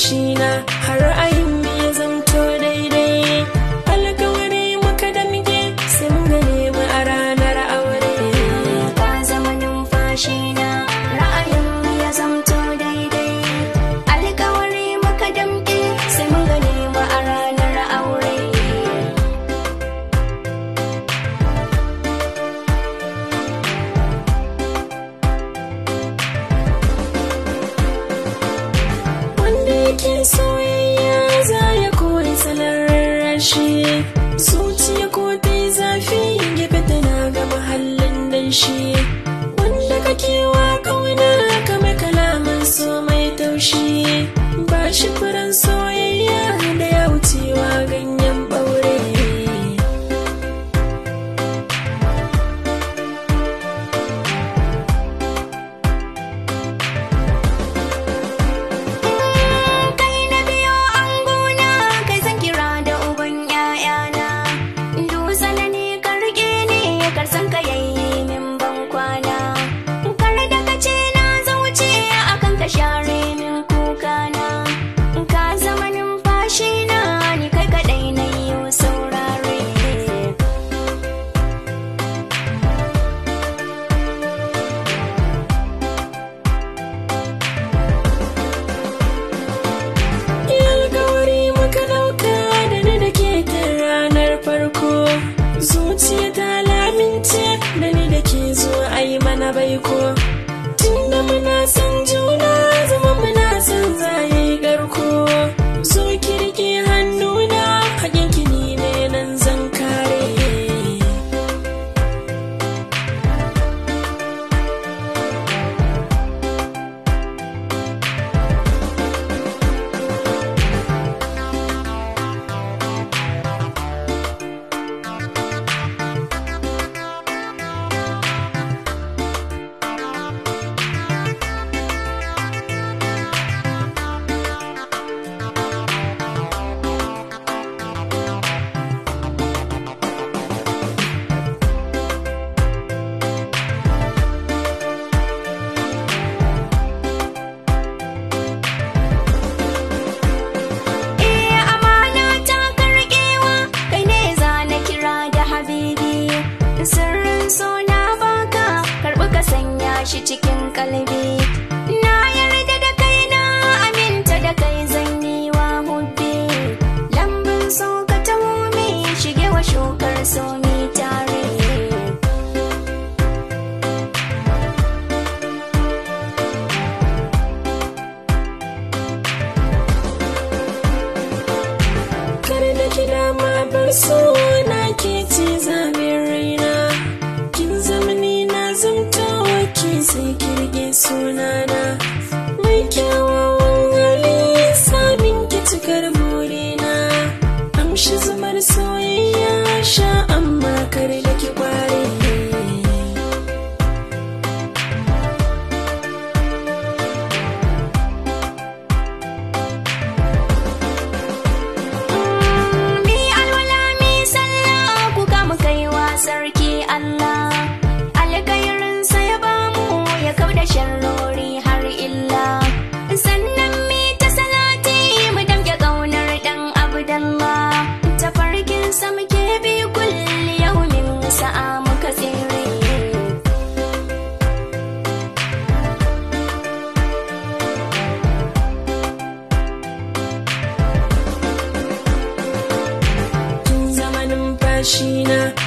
shi na har ai zuciya ta lamince da ni da ke zuwa ai mana baiko tunda muna san ji sarki Allah alkhairinsa ya bamu ya kauda sharrori har illa sannan mi ta salati mu damke kaunar ɗan abdallah ta farkin sa muke bi kulli yaumin sa'a muka tsire Shina.